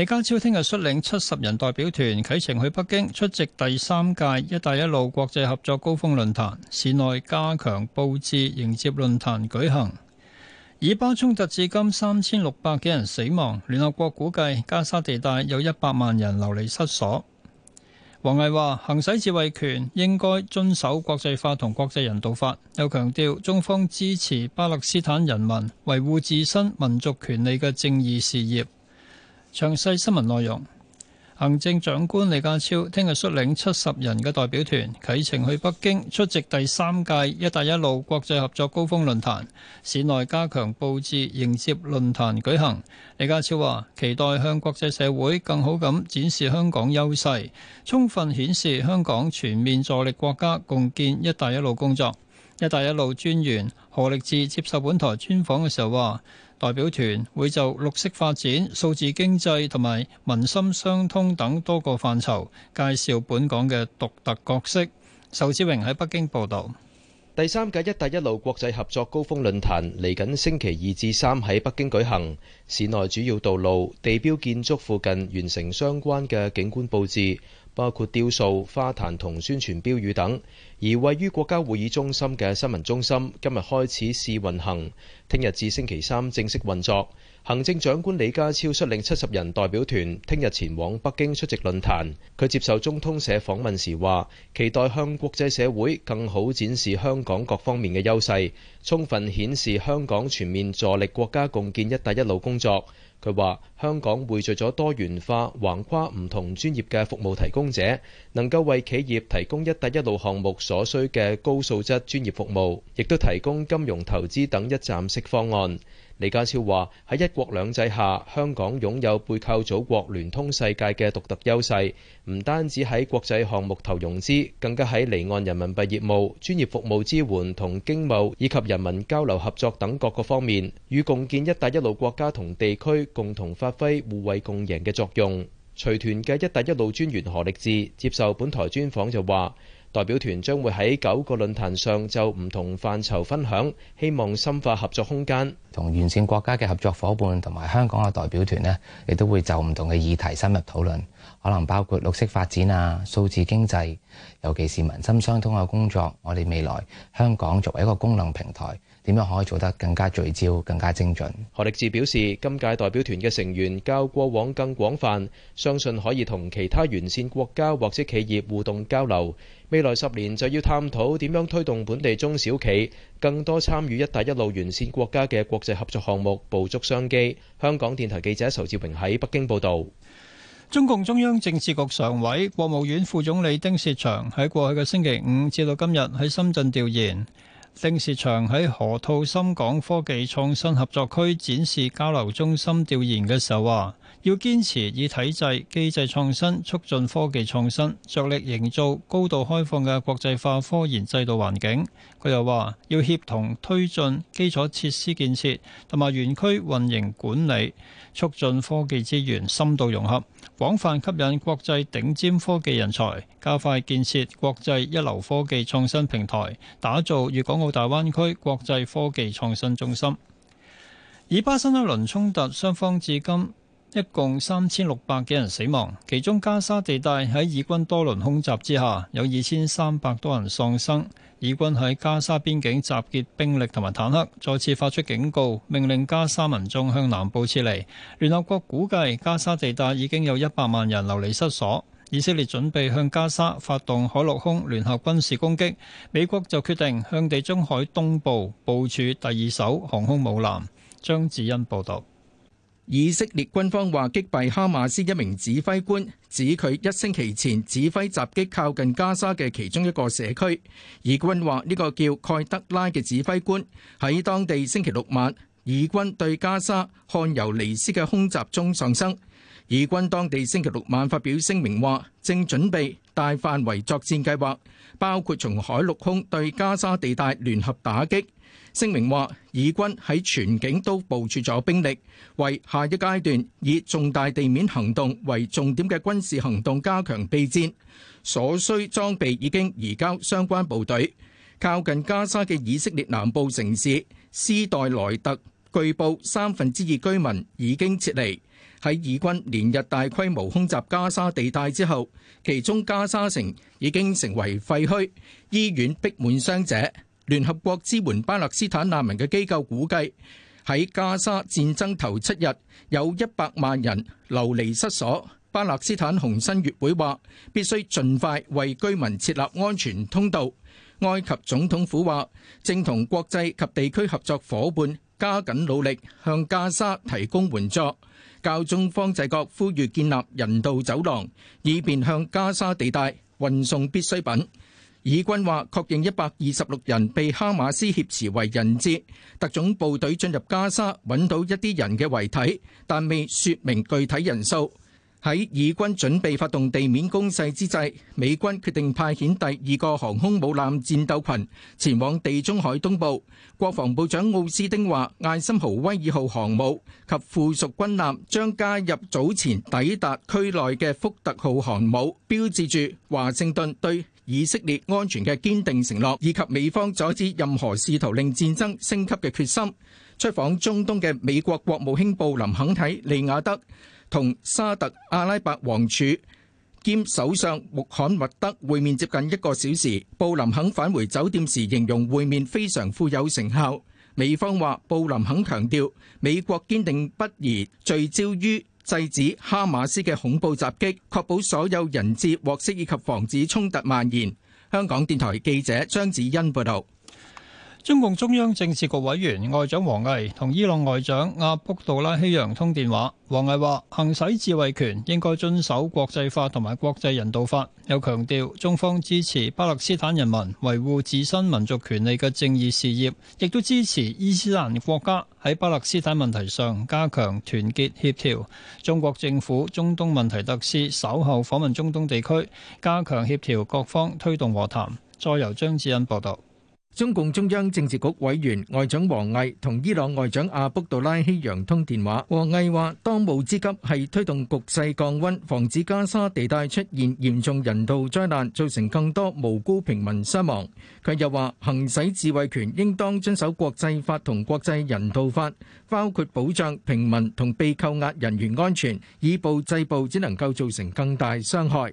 李家超聽日率領七十人代表團啟程去北京出席第三屆“一帶一路”國際合作高峰論壇，市內加強布置迎接論壇舉行。以巴衝突至今三千六百幾人死亡，聯合國估計加沙地帶有一百萬人流離失所。王毅話：行使自衛權應該遵守國際法同國際人道法，又強調中方支持巴勒斯坦人民維護自身民族權利嘅正義事業。詳細新聞內容，行政長官李家超聽日率領七十人嘅代表團啟程去北京出席第三屆一帶一路國際合作高峰論壇，市內加強布置迎接論壇舉行。李家超話：期待向國際社會更好咁展示香港優勢，充分顯示香港全面助力國家共建一帶一路工作。一帶一路專員何力智接受本台專訪嘅時候話。代表團會就綠色發展、數字經濟同埋民心相通等多個範疇介紹本港嘅獨特角色。仇志榮喺北京報導。第三屆一帶一路國際合作高峰論壇嚟緊星期二至三喺北京舉行，市內主要道路、地標建築附近完成相關嘅景觀佈置。包括雕塑、花壇同宣傳標語等，而位於國家會議中心嘅新聞中心今日開始試運行，聽日至星期三正式運作。行政長官李家超率領七十人代表團，聽日前往北京出席論壇。佢接受中通社訪問時話：期待向國際社會更好展示香港各方面嘅優勢，充分顯示香港全面助力國家共建一帶一路工作。佢話：香港匯聚咗多元化、橫跨唔同專業嘅服務提供者，能夠為企業提供一帶一路項目所需嘅高素質專業服務，亦都提供金融投資等一站式方案。李家超話喺一國兩制下，香港擁有背靠祖國聯通世界嘅獨特優勢，唔單止喺國際項目投融資，更加喺離岸人民幣業務專業服務支援、同經貿以及人民交流合作等各個方面，與共建一帶一路國家同地區共同發揮互惠共贏嘅作用。隨團嘅一帶一路專員何力志接受本台專訪就話。代表團將會喺九個論壇上就唔同範疇分享，希望深化合作空間，同完善國家嘅合作夥伴同埋香港嘅代表團呢，亦都會就唔同嘅議題深入討論，可能包括綠色發展啊、數字經濟，尤其是民心相通嘅工作。我哋未來香港作為一個功能平台，點樣可以做得更加聚焦、更加精準？何力志表示，今屆代表團嘅成員較過往更廣泛，相信可以同其他沿線國家或者企業互動交流。未來十年就要探討點樣推動本地中小企更多參與一帶一路沿線國家嘅國際合作項目，捕捉商機。香港電台記者仇志榮喺北京報導。中共中央政治局常委、國務院副總理丁薛祥喺過去嘅星期五至到今日喺深圳調研。丁薛祥喺河套深港科技創新合作區展示交流中心調研嘅時候啊，要堅持以體制機制創新促進科技創新，着力營造高度開放嘅國際化科研制度環境。佢又話要協同推進基礎設施建設同埋園區運營管理，促進科技資源深度融合，廣泛吸引國際頂尖科技人才，加快建設國際一流科技創新平台，打造粵港澳大灣區國際科技創新中心。以巴新一輪衝突，雙方至今一共三千六百幾人死亡，其中加沙地帶喺以軍多輪空襲之下有二千三百多人喪生。以軍喺加沙邊境集結兵力同埋坦克，再次發出警告，命令加沙民眾向南部撤離。聯合國估計加沙地帶已經有一百萬人流離失所。以色列準備向加沙發動海陸空聯合軍事攻擊，美國就決定向地中海東部部，部署第二艘航空母艦。張智恩報導。以色列軍方話擊斃哈馬斯一名指揮官，指佢一星期前指揮襲擊靠近加沙嘅其中一個社區。以軍話呢個叫蓋德拉嘅指揮官喺當地星期六晚，以軍對加沙漢尤尼斯嘅空襲中喪生。以軍當地星期六晚發表聲明話，正準備大範圍作戰計劃，包括從海陸空對加沙地帶聯合打擊。聲明話，以軍喺全境都部署咗兵力，為下一階段以重大地面行動為重點嘅軍事行動加強備戰。所需裝備已經移交相關部隊。靠近加沙嘅以色列南部城市斯代萊特，據報三分之二居民已經撤離。喺以軍連日大規模空襲加沙地帶之後，其中加沙城已經成為廢墟，醫院逼滿傷者。聯合國支援巴勒斯坦難民嘅機構估計，喺加沙戰爭頭七日，有一百萬人流離失所。巴勒斯坦紅新月會話，必須盡快為居民設立安全通道。埃及總統府話，正同國際及地區合作夥伴加緊努力，向加沙提供援助。教宗方濟各呼籲建立人道走廊，以便向加沙地帶運送必需品。以軍話確認一百二十六人被哈馬斯挾持為人質。特種部隊進入加沙揾到一啲人嘅遺體，但未説明具體人數。喺以軍準備發動地面攻勢之際，美軍決定派遣第二個航空母艦戰鬥群前往地中海東部。國防部長奧斯汀話：艾森豪威爾號航母及附屬軍艦將加入早前抵達區內嘅福特號航母，標誌住華盛頓對以色列安全嘅堅定承諾，以及美方阻止任何試圖令戰爭升級嘅決心。出訪中東嘅美國國務卿布林肯喺利雅得同沙特阿拉伯王儲兼首相穆罕默德會面接近一個小時。布林肯返回酒店時，形容會面非常富有成效。美方話布林肯強調美國堅定不移聚焦於。制止哈馬斯嘅恐怖襲擊，確保所有人質獲釋以及防止衝突蔓延。香港電台記者張子欣報道。中共中央政治局委員外長王毅同伊朗外長阿卜杜拉希揚通電話。王毅話：行使自衛權應該遵守國際法同埋國際人道法。又強調中方支持巴勒斯坦人民維護自身民族權利嘅正義事業，亦都支持伊斯蘭國家喺巴勒斯坦問題上加強團結協調。中國政府中東問題特使稍後訪問中東地區，加強協調各方，推動和談。再由張智恩報道。中共中央政治局委員外長王毅同伊朗外長阿卜杜拉希揚通電話。王毅話：當務之急係推動局勢降溫，防止加沙地帶出現嚴重人道災難，造成更多無辜平民傷亡。佢又話：行使自衛權應當遵守國際法同國際人道法，包括保障平民同被扣押人員安全，以暴制暴只能夠造成更大傷害，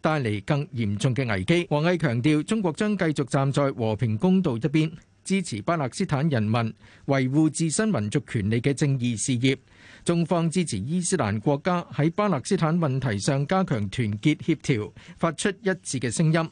帶嚟更嚴重嘅危機。王毅強調，中國將繼續站在和平公道一邊，支持巴勒斯坦人民維護自身民族權利嘅正義事業。中方支持伊斯蘭國家喺巴勒斯坦問題上加強團結協調，發出一致嘅聲音。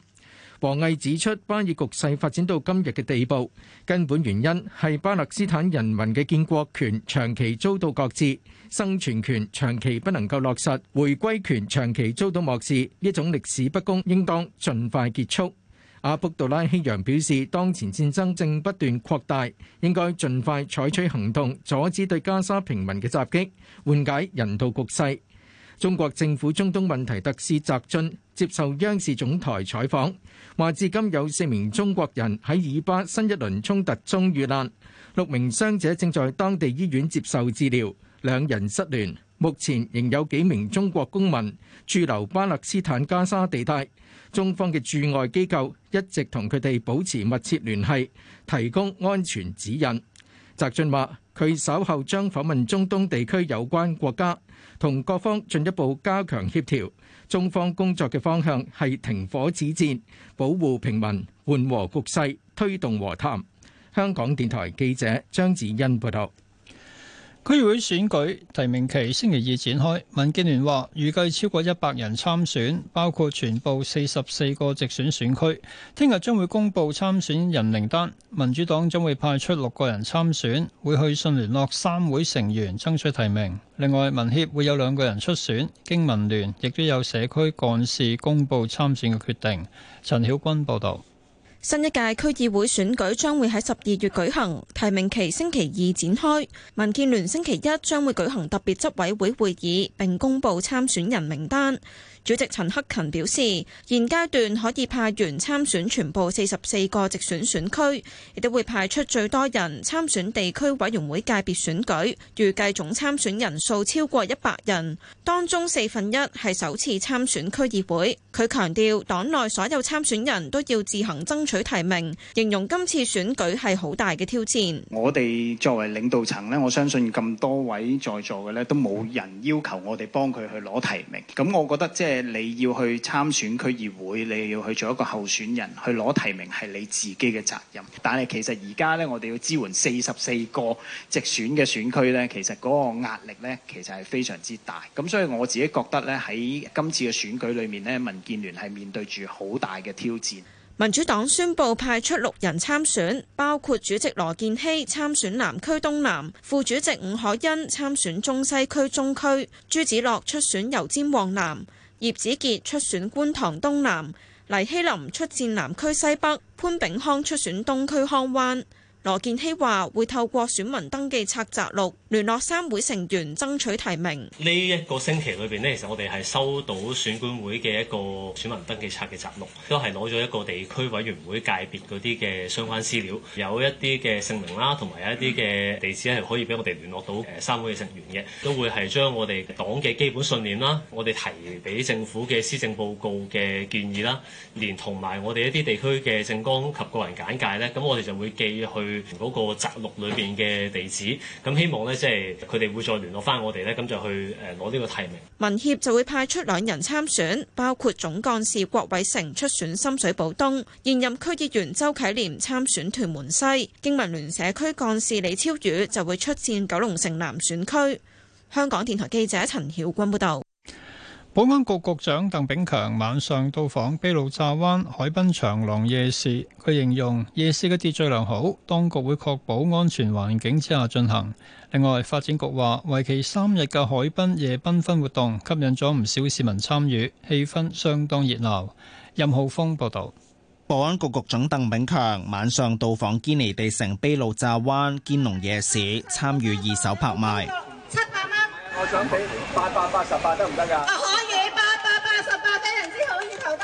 王毅指出，巴以局勢發展到今日嘅地步，根本原因係巴勒斯坦人民嘅建國權長期遭到擱置，生存權長期不能夠落實，回歸權長期遭到漠視，呢種歷史不公應當盡快結束。阿卜杜拉希揚表示，當前戰爭正不斷擴大，應該盡快採取行動，阻止對加沙平民嘅襲擊，緩解人道局勢。中國政府中東問題特使翟俊接受央視總台採訪，話至今有四名中國人喺以巴新一輪衝突中遇難，六名傷者正在當地醫院接受治療，兩人失聯。目前仍有幾名中國公民駐留巴勒斯坦加沙地帶，中方嘅駐外機構一直同佢哋保持密切聯繫，提供安全指引。翟俊話：佢稍後將訪問中東地區有關國家，同各方進一步加強協調。中方工作嘅方向係停火止戰、保護平民、緩和局勢、推動和談。香港電台記者張子欣報道。區議會選舉提名期星期二展開，民建聯話預計超過一百人參選，包括全部四十四個直選選區。聽日將會公布參選人名單，民主黨將會派出六個人參選，會去信聯絡三會成員爭取提名。另外，民協會有兩個人出選，經民聯亦都有社區幹事公布參選嘅決定。陳曉君報道。新一屆區議會選舉將會喺十二月舉行，提名期星期二展開。民建聯星期一將會舉行特別執委會會議，並公布參選人名單。主席陳克勤表示，現階段可以派員參選全部四十四個直選選區，亦都會派出最多人參選地區委員會界別選舉。預計總參選人數超過一百人，當中四分一係首次參選區議會。佢強調，黨內所有參選人都要自行爭取。舉提名，形容今次選舉係好大嘅挑戰。我哋作為領導層咧，我相信咁多位在座嘅咧，都冇人要求我哋幫佢去攞提名。咁我覺得即係你要去參選區議會，你要去做一個候選人去攞提名，係你自己嘅責任。但係其實而家咧，我哋要支援四十四個直選嘅選區咧，其實嗰個壓力咧，其實係非常之大。咁所以我自己覺得咧，喺今次嘅選舉裏面咧，民建聯係面對住好大嘅挑戰。民主黨宣布派出六人參選，包括主席羅健熙參選南區東南，副主席伍可欣參選中西區中區，朱子樂出選油尖旺南，葉子傑出選觀塘東南，黎希林出戰南區西北，潘炳康出選東區康灣。羅健熙話：會透過選民登記冊摘錄，聯絡三會成員爭取提名。呢一個星期裏邊呢，其實我哋係收到選管會嘅一個選民登記冊嘅摘錄，都係攞咗一個地區委員會界別嗰啲嘅相關資料，有一啲嘅姓名啦，同埋有一啲嘅地址係可以俾我哋聯絡到誒三會嘅成員嘅，都會係將我哋黨嘅基本信念啦，我哋提俾政府嘅施政報告嘅建議啦，連同埋我哋一啲地區嘅政綱及個人簡介呢。咁我哋就會寄去。嗰個摘錄裏邊嘅地址，咁希望咧，即係佢哋會再聯絡翻我哋咧，咁就去誒攞呢個提名。民協就會派出兩人參選，包括總幹事郭偉成出選深水埗東，現任區議員周啟廉參選屯門西，經民聯社區幹事李超宇就會出戰九龍城南選區。香港電台記者陳曉君報導。保安局局長鄧炳強晚上到訪卑路乍灣海濱長廊夜市，佢形容夜市嘅秩序良好，當局會確保安全環境之下進行。另外，發展局話為期三日嘅海濱夜繽紛活動吸引咗唔少市民參與，氣氛相當熱鬧。任浩峰報道。保安局局長鄧炳強晚上到訪堅尼地城卑路乍灣堅龍夜市，參與二手拍賣。七百蚊，我想俾八百八十八得唔得噶？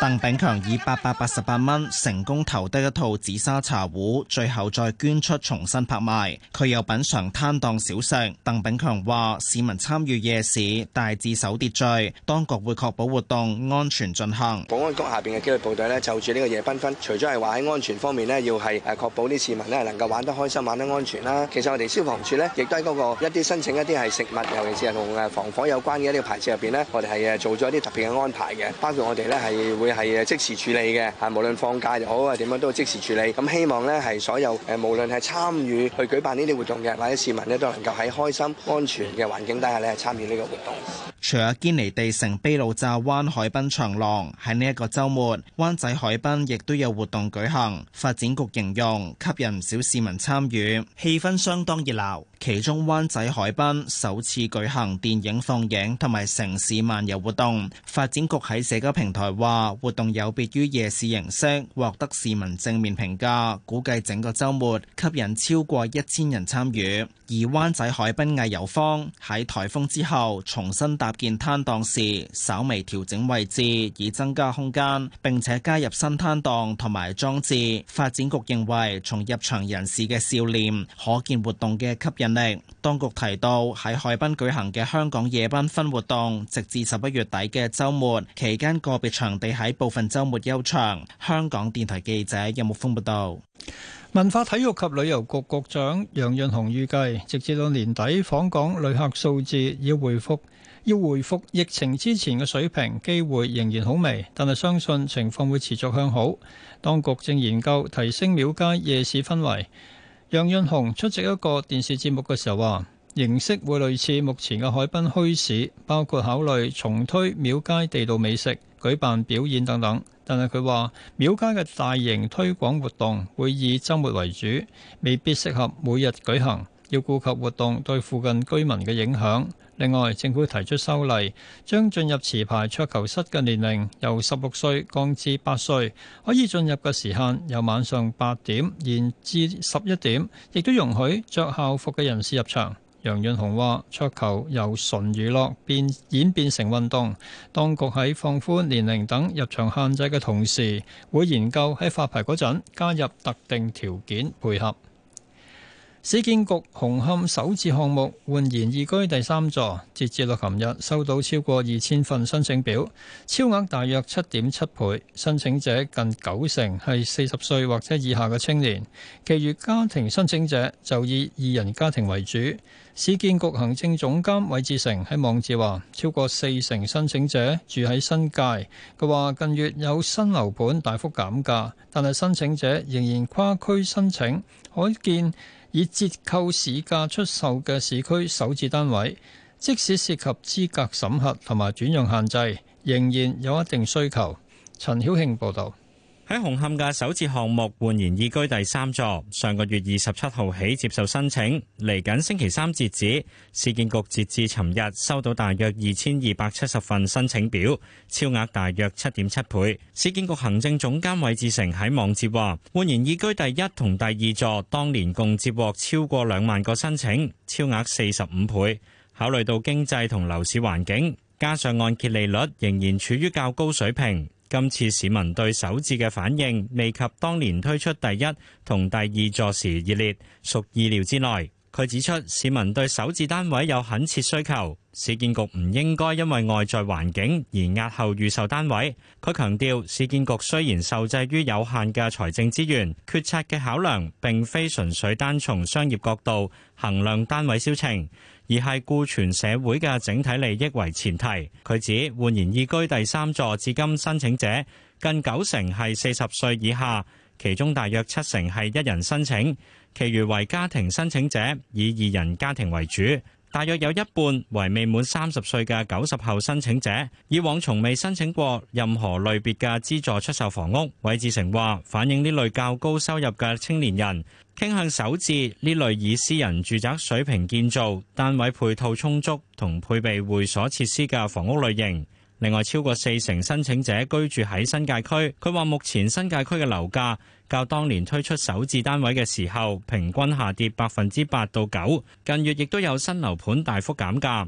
鄧炳強以八百八十八蚊成功投得一套紫砂茶壺，最後再捐出重新拍賣。佢又品嘗攤檔小食。鄧炳強話：市民參與夜市，大致守秩序，當局會確保活動安全進行。保安局下邊嘅紀律部隊咧，就住呢個夜繽紛，除咗係話喺安全方面呢，要係誒確保啲市民咧能夠玩得開心、玩得安全啦、啊。其實我哋消防處呢，亦都喺嗰個一啲申請一啲係食物，尤其是係同防火有關嘅呢個牌子入邊呢，我哋係誒做咗一啲特別嘅安排嘅，包括我哋咧係會。係誒即時處理嘅，啊無論放假又好啊，點樣都係即時處理。咁希望咧係所有誒無論係參與去舉辦呢啲活動嘅或者市民咧，都能夠喺開心安全嘅環境底下咧參與呢個活動。除咗堅尼地城、卑路乍灣海濱長廊喺呢一個週末，灣仔海濱亦都有活動舉行。發展局形容吸引唔少市民參與，氣氛相當熱鬧。其中灣仔海濱首次舉行電影放映同埋城市漫遊活動。發展局喺社交平台話，活動有別於夜市形式，獲得市民正面評價。估計整個週末吸引超過一千人參與。而灣仔海濱藝遊坊喺颱風之後重新搭建攤檔時，稍微調整位置以增加空間，並且加入新攤檔同埋裝置。發展局認為，從入場人士嘅笑臉可見活動嘅吸引力。當局提到喺海濱舉行嘅香港夜繽紛活動，直至十一月底嘅周末期間，個別場地喺部分周末休場。香港電台記者任木峰報道。文化體育及旅遊局局長楊潤雄預計，直至到年底，訪港旅客數字要恢復，要回復疫情之前嘅水平，機會仍然好微，但係相信情況會持續向好。當局正研究提升廟街夜市氛圍，楊潤雄出席一個電視節目嘅時候話，形式會類似目前嘅海濱墟市，包括考慮重推廟街地道美食、舉辦表演等等。但係，佢話廟街嘅大型推廣活動會以周末為主，未必適合每日舉行。要顧及活動對附近居民嘅影響。另外，政府提出修例，將進入持牌桌球室嘅年齡由十六歲降至八歲，可以進入嘅時限由晚上八點延至十一點，亦都容許著校服嘅人士入場。楊潤雄話：桌球由純娛樂變演變成運動，當局喺放寬年齡等入場限制嘅同時，會研究喺發牌嗰陣加入特定條件配合。市建局紅磡首置項目煥然懿居第三座，截至到琴日收到超過二千份申請表，超額大約七點七倍。申請者近九成係四十歲或者以下嘅青年，其餘家庭申請者就以二人家庭為主。市建局行政總監韋志成喺網誌話：超過四成申請者住喺新界。佢話近月有新樓盤大幅減價，但係申請者仍然跨區申請，可見，以折扣市價出售嘅市區首置單位，即使涉及資格審核同埋轉讓限制，仍然有一定需求。陳曉慶報道。喺紅磡嘅首次項目煥然懿居第三座，上個月二十七號起接受申請，嚟緊星期三截止。市建局截至尋日收到大約二千二百七十份申請表，超額大約七點七倍。市建局行政總監韋志成喺網誌話：煥然懿居第一同第二座當年共接獲超過兩萬個申請，超額四十五倍。考慮到經濟同樓市環境，加上按揭利率仍然處於較高水平，今次市民對首置嘅反應未及當年推出第一同第二座時熱烈，屬意料之內。佢指出，市民對首置單位有懇切需求，市建局唔應該因為外在環境而押後預售單位。佢強調，市建局雖然受制於有限嘅財政資源，決策嘅考量並非純粹單從商業角度衡量單位銷情。而係顧全社會嘅整體利益為前提。佢指煥然懿居第三座，至今申請者近九成係四十歲以下，其中大約七成係一人申請，其餘為家庭申請者，以二人家庭為主。大約有一半為未滿三十歲嘅九十後申請者，以往從未申請過任何類別嘅資助出售房屋。韋志成話：反映呢類較高收入嘅青年人，傾向首置呢類以私人住宅水平建造、單位配套充足同配備會所設施嘅房屋類型。另外，超過四成申請者居住喺新界區。佢話，目前新界區嘅樓價較當年推出首置單位嘅時候，平均下跌百分之八到九，近月亦都有新樓盤大幅減價。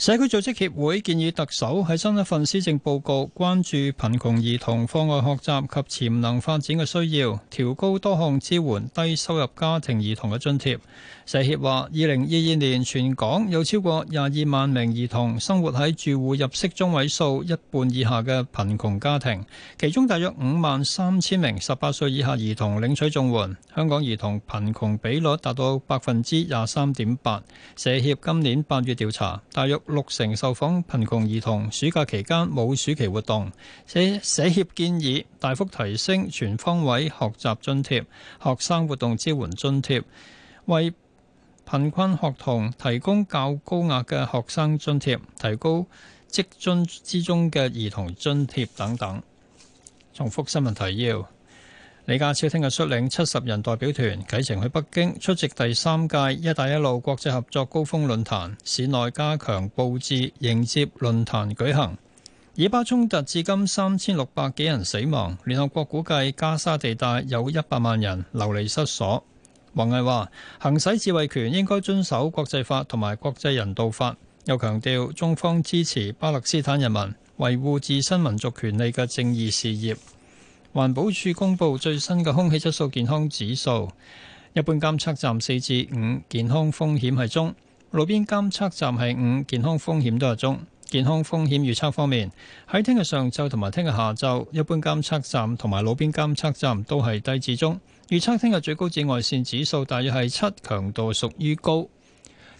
社區組織協會建議特首喺新一份施政報告關注貧窮兒童課外學習及潛能發展嘅需要，調高多項支援低收入家庭兒童嘅津貼。社協話：二零二二年全港有超過廿二萬名兒童生活喺住戶入息中位數一半以下嘅貧窮家庭，其中大約五萬三千名十八歲以下兒童領取綜援。香港兒童貧窮比率達到百分之廿三點八。社協今年八月調查，大約六成受訪貧窮兒童暑假期間冇暑期活動。社社協建議大幅提升全方位學習津貼、學生活動支援津貼，為貧困學童提供較高額嘅學生津貼，提高職津之中嘅兒童津貼等等。重複新聞提要：李家超聽日率領七十人代表團啟程去北京出席第三屆「一帶一路」國際合作高峰論壇，市內加強佈置迎接論壇舉行。以巴衝突至今三千六百幾人死亡，聯合國估計加沙地帶有一百萬人流離失所。王毅話：行使自衛權應該遵守國際法同埋國際人道法。又強調中方支持巴勒斯坦人民維護自身民族權利嘅正義事業。環保署公布最新嘅空氣質素健康指數，一般監測站四至五，健康風險係中；路邊監測站係五，健康風險都係中。健康風險預測方面，喺聽日上晝同埋聽日下晝一般監測站同埋路邊監測站都係低至中預測聽日最高紫外線指數大約係七，強度屬於高。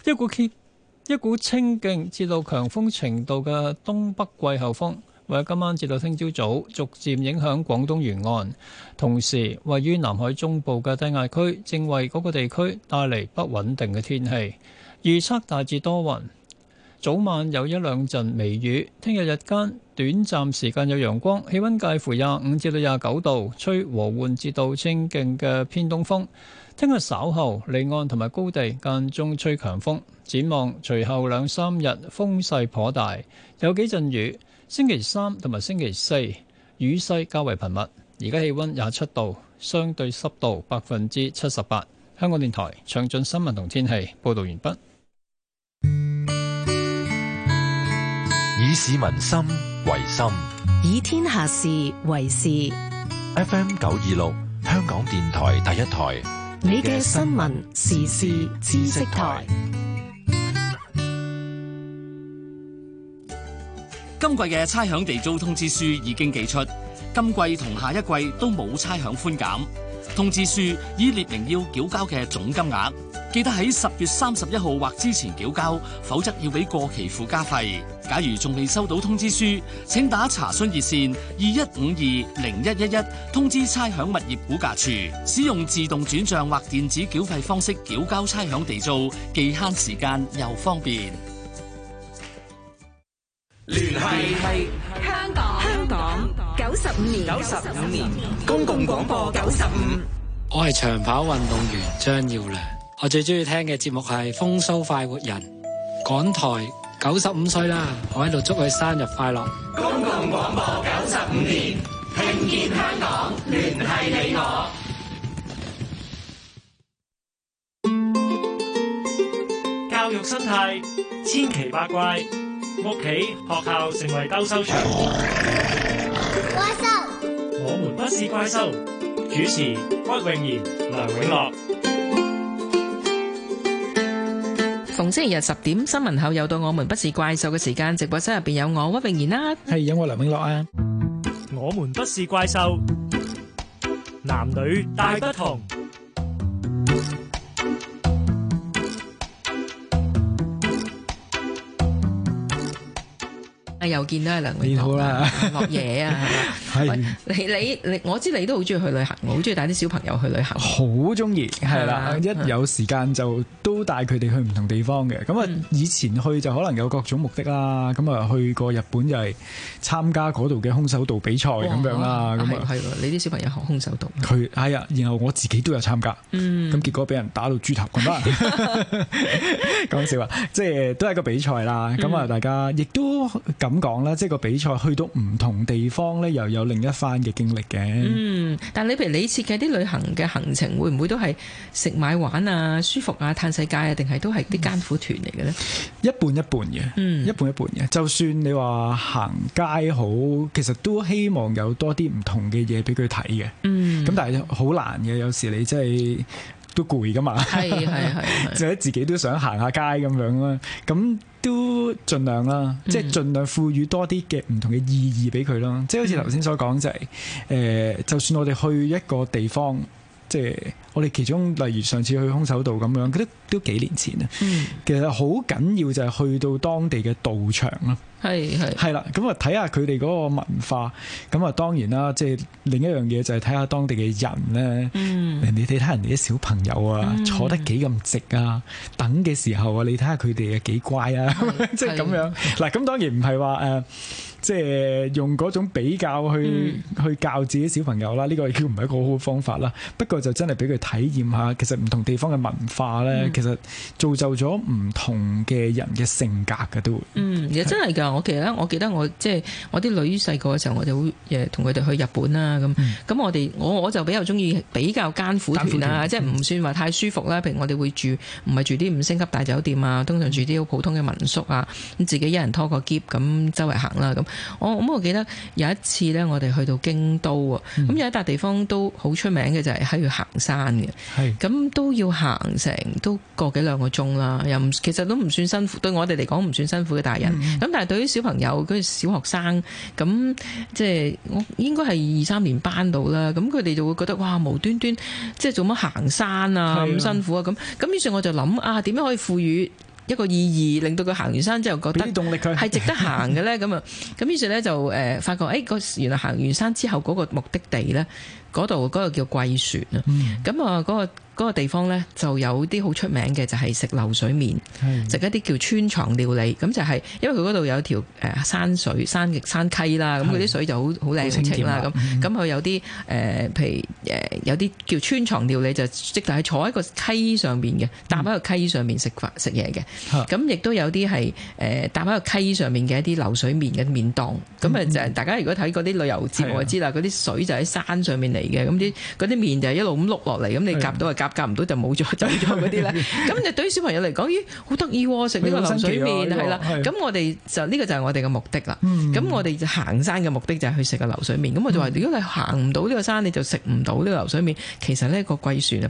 一股一股清勁至到強風程度嘅東北季候風為今晚至到聽朝早,早逐漸影響廣東沿岸。同時位於南海中部嘅低壓區正為嗰個地區帶嚟不穩定嘅天氣預測大致多雲。早晚有一兩陣微雨，聽日日間短暫時間有陽光，氣溫介乎廿五至到廿九度，吹和緩至到清勁嘅偏東風。聽日稍後離岸同埋高地間中吹強風。展望隨後兩三日風勢頗大，有幾陣雨。星期三同埋星期四雨勢較為頻密。而家氣溫廿七度，相對濕度百分之七十八。香港電台詳盡新聞同天氣報導完畢。以市民心為心，以天下事為事。FM 九二六，香港電台第一台，你嘅新聞時事知識台。今季嘅差餉地租通知書已經寄出，今季同下一季都冇差餉寬減。通知書已列明要繳交嘅總金額，記得喺十月三十一號或之前繳交，否則要俾過期附加費。假如仲未收到通知書，請打查詢熱線二一五二零一一一通知差餉物業估價署。使用自動轉賬或電子繳費方式繳交差餉地租，既慳時間又方便。聯繫係香港。港九十五年，九十五年，公共廣播九十五。我係長跑運動員張耀良，我最中意聽嘅節目係《風騷快活人》。港台九十五歲啦，我喺度祝佢生日快樂。公共廣播九十五年，聽見香港，聯繫你我。教育生態千奇百怪。屋企、學校成為鬥獸場。怪獸，我們不是怪獸。主持屈穎妍、梁永樂。逢星期日十點新聞後，又到我們不是怪獸嘅時間。直播室入邊有我屈穎妍啦，係有我梁永樂啊。我們不是怪獸，男女大不同。又見到梁永強落嘢啊！係 是你你你，我知你都好中意去旅行，我好中意帶啲小朋友去旅行，好中意係啦！一有時間就都帶佢哋去唔同地方嘅。咁啊的，以前去就可能有各種目的啦。咁啊的，去過日本就係參加嗰度嘅空手道比賽咁樣啦。咁啊，係你啲小朋友學空手道，佢係啊，的然後我自己都有參加。咁、嗯、結果俾人打到豬頭，講笑話！ 即係都係個比賽啦。咁啊，大家亦都咁。講啦，即係個比賽去到唔同地方咧，又有另一番嘅經歷嘅。嗯，但係你譬如你設計啲旅行嘅行程，會唔會都係食買玩啊、舒服啊、嘆世界啊，定係都係啲艱苦團嚟嘅咧？一半一半嘅，嗯，一半一半嘅。就算你話行街好，其實都希望有多啲唔同嘅嘢俾佢睇嘅。嗯，咁但係好難嘅，有時你真係都攰噶嘛。係係係，就係自己都想行下街咁樣啦。咁都盡量啦，嗯、即係盡量賦予多啲嘅唔同嘅意義俾佢啦。即係好似頭先所講就係、是、誒、呃，就算我哋去一個地方，即係我哋其中例如上次去空手道咁樣，嗰啲都幾年前啦。嗯、其實好緊要就係去到當地嘅道場啦。係係係啦，咁啊睇下佢哋嗰個文化，咁啊當然啦，即係另一樣嘢就係睇下當地嘅人咧。嗯，你睇睇人哋啲小朋友啊，坐得幾咁直啊，等嘅時候啊，你睇下佢哋嘅幾乖啊，即係咁樣。嗱，咁當然唔係話誒，即、呃、係用嗰種比較去去教自己小朋友啦，呢、嗯、個亦唔係一個好方法啦。不過就真係俾佢體驗下，其實唔同地方嘅文化咧，其實造就咗唔同嘅人嘅性格嘅都會。嗯，而家真係㗎。我其實我記得我即係、就是、我啲女細個嘅時候，我就會誒同佢哋去日本啦咁。咁我哋我我就比較中意比較艱苦團啊，團即係唔算話太舒服啦。譬如我哋會住唔係住啲五星級大酒店啊，通常住啲好普通嘅民宿啊。咁自己一人拖個喼咁周圍行啦咁。我咁記得有一次呢，我哋去到京都啊，咁、嗯、有一笪地方都好出名嘅就係喺度行山嘅。咁係都要行成都個幾兩個鐘啦，又唔其實都唔算辛苦，對我哋嚟講唔算辛苦嘅大人。咁、嗯、但係對啲小朋友，嗰啲小學生，咁即係我應該係二三年班到啦。咁佢哋就會覺得哇，無端端即係做乜行山啊，咁的辛苦啊咁。咁於是我就諗啊，點樣可以賦予一個意義，令到佢行完山之後覺得係 值得行嘅咧？咁啊，咁於是咧就誒發覺，誒、哎、原來行完山之後嗰個目的地咧，嗰度嗰個叫貴船啊。咁啊嗰個。嗰個地方呢，就有啲好出名嘅，就係、是、食流水麵，食一啲叫川床料理。咁就係因為佢嗰度有條誒山水山山溪啦，咁嗰啲水就好好靚清啦。咁咁佢有啲誒，譬如誒有啲叫川床料理，就即、是、係、嗯呃呃、坐喺個溪上面嘅，搭喺個溪上面食飯食嘢嘅。咁亦都有啲係誒搭喺個溪上面嘅一啲流水麵嘅麵檔。咁啊、嗯、就大家如果睇過啲旅遊節目，我知啦，嗰啲水就喺山上面嚟嘅，咁啲嗰啲麵就一路咁碌落嚟，咁你夾到係夾。夾唔到就冇咗 走咗嗰啲咧，咁 就對於小朋友嚟講，咦，好得意喎，食呢個流水麵係啦，咁 我哋就呢、這個就係我哋嘅目的啦。咁、嗯、我哋就行山嘅目的就係去食個流水麵，咁、嗯、我就話，如果你行唔到呢個山，你就食唔到呢個流水麵，其實呢個貴船啊。